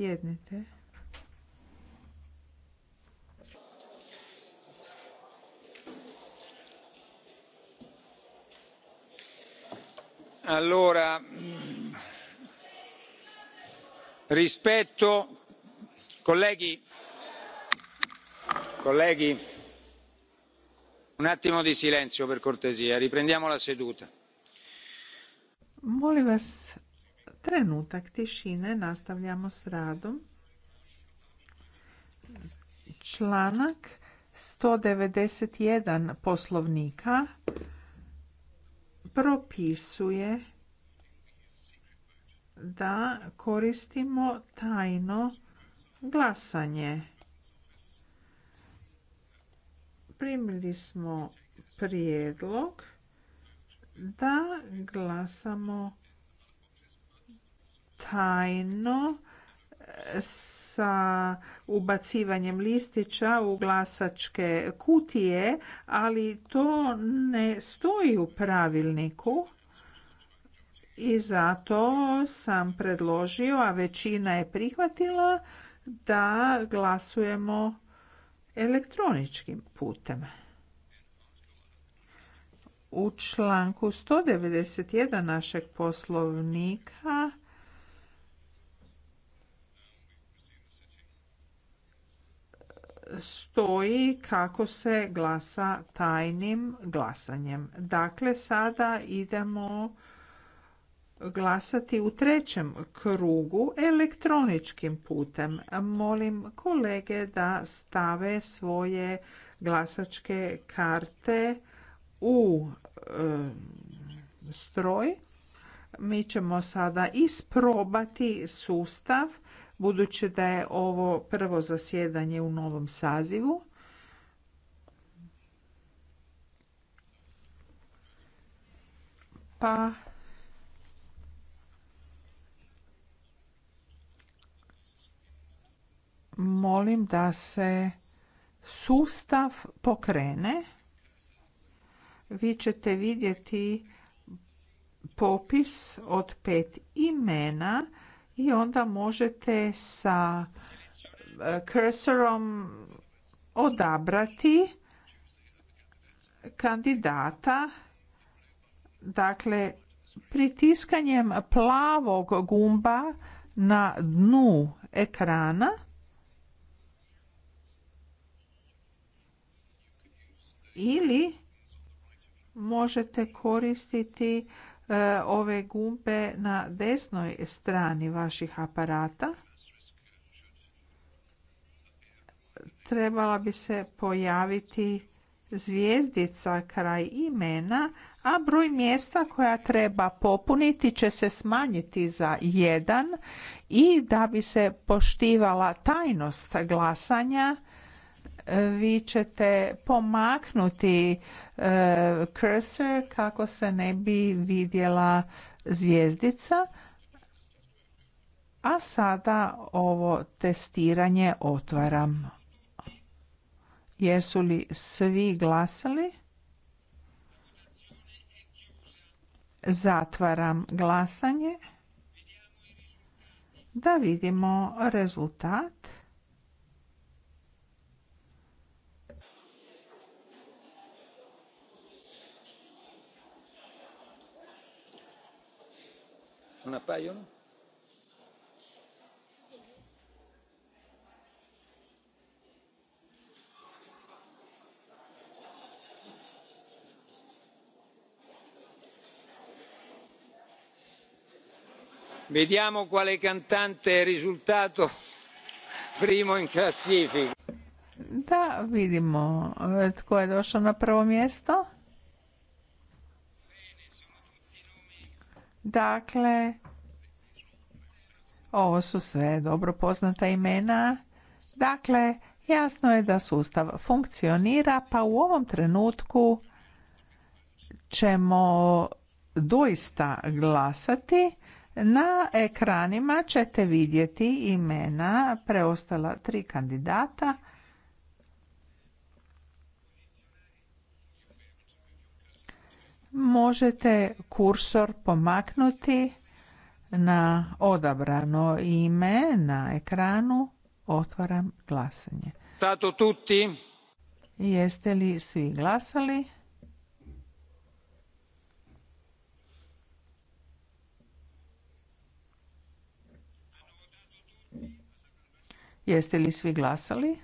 sjednite. Allora, rispetto, colleghi, colleghi, un attimo di silenzio per cortesia, riprendiamo la seduta. Molim vas Trenutak tišine, nastavljamo s radom. Članak 191 poslovnika propisuje da koristimo tajno glasanje. Primili smo prijedlog da glasamo tajno e, sa ubacivanjem listića u glasačke kutije, ali to ne stoji u pravilniku i zato sam predložio, a većina je prihvatila, da glasujemo elektroničkim putem. U članku 191 našeg poslovnika stoji kako se glasa tajnim glasanjem. Dakle, sada idemo glasati u trećem krugu elektroničkim putem. Molim kolege da stave svoje glasačke karte u e, stroj. Mi ćemo sada isprobati sustav budući da je ovo prvo zasjedanje u novom sazivu. Pa molim da se sustav pokrene. Vi ćete vidjeti popis od pet imena i onda možete sa kursorom e, odabrati kandidata. Dakle, pritiskanjem plavog gumba na dnu ekrana ili možete koristiti E, ove gumbe na desnoj strani vaših aparata trebala bi se pojaviti zvijezdica kraj imena, a broj mjesta koja treba popuniti će se smanjiti za jedan i da bi se poštivala tajnost glasanja vi ćete pomaknuti e, cursor kako se ne bi vidjela zvijezdica. A sada ovo testiranje otvaram. Jesu li svi glasali? Zatvaram glasanje. Da vidimo rezultat. vediamo quale cantante è risultato primo in classifica. Da vidimo eh, tko je došao na prvo mjesto. Dakle, ovo su sve dobro poznata imena. Dakle, jasno je da sustav funkcionira, pa u ovom trenutku ćemo doista glasati. Na ekranima ćete vidjeti imena preostala tri kandidata. možete kursor pomaknuti na odabrano ime na ekranu. Otvaram glasanje. Tato tutti. Jeste li svi glasali? Jeste li svi glasali?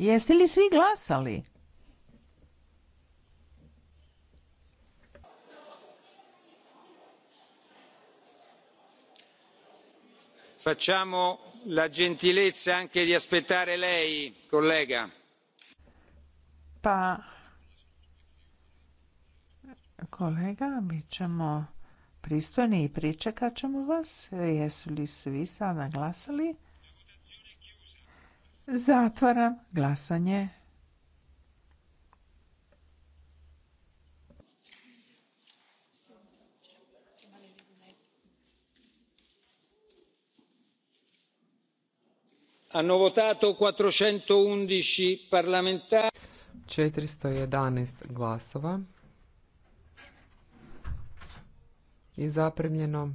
Jeste li svi glasali? Facciamo la gentilezza anche di aspettare lei, collega. Pa kolega, mi ćemo pristojni i pričekat ćemo vas. Jesu li svi sada glasali? Zatvaram glasanje. Hanno votato 411 parlamentari. 411 glasova i zaprimljeno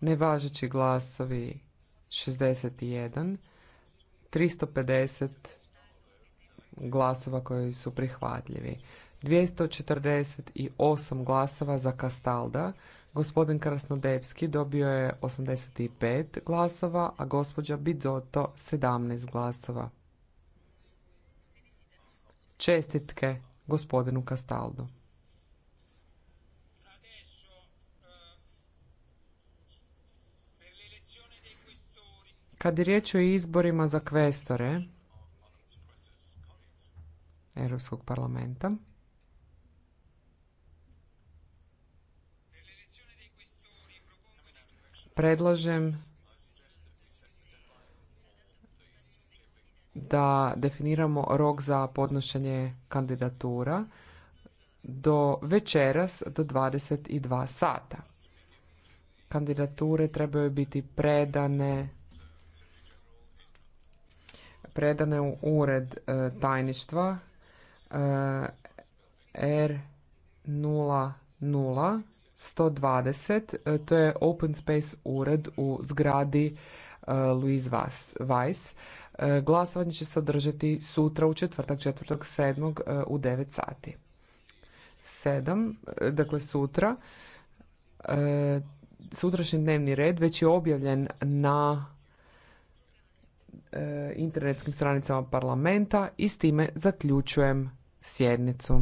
nevažeći glasovi 61 350 glasova koji su prihvatljivi. 248 glasova za Kastalda, gospodin krasnodepski dobio je 85 glasova, a gospođa Bizoto 17 glasova. Čestitke gospodinu Kastaldu. Kad je riječ o izborima za kvestore Europskog parlamenta, predlažem da definiramo rok za podnošenje kandidatura do večeras do 22 sata. Kandidature trebaju biti predane predane u ured e, tajništva e, r 00120 e, to je Open Space ured u zgradi Louise Weiss. Glasovanje će se održati sutra u četvrtak, 4.7. u 9 sati. Sedam, dakle sutra. Sutrašnji dnevni red već je objavljen na E, internetskim stranicama parlamenta i s time zaključujem sjednicu.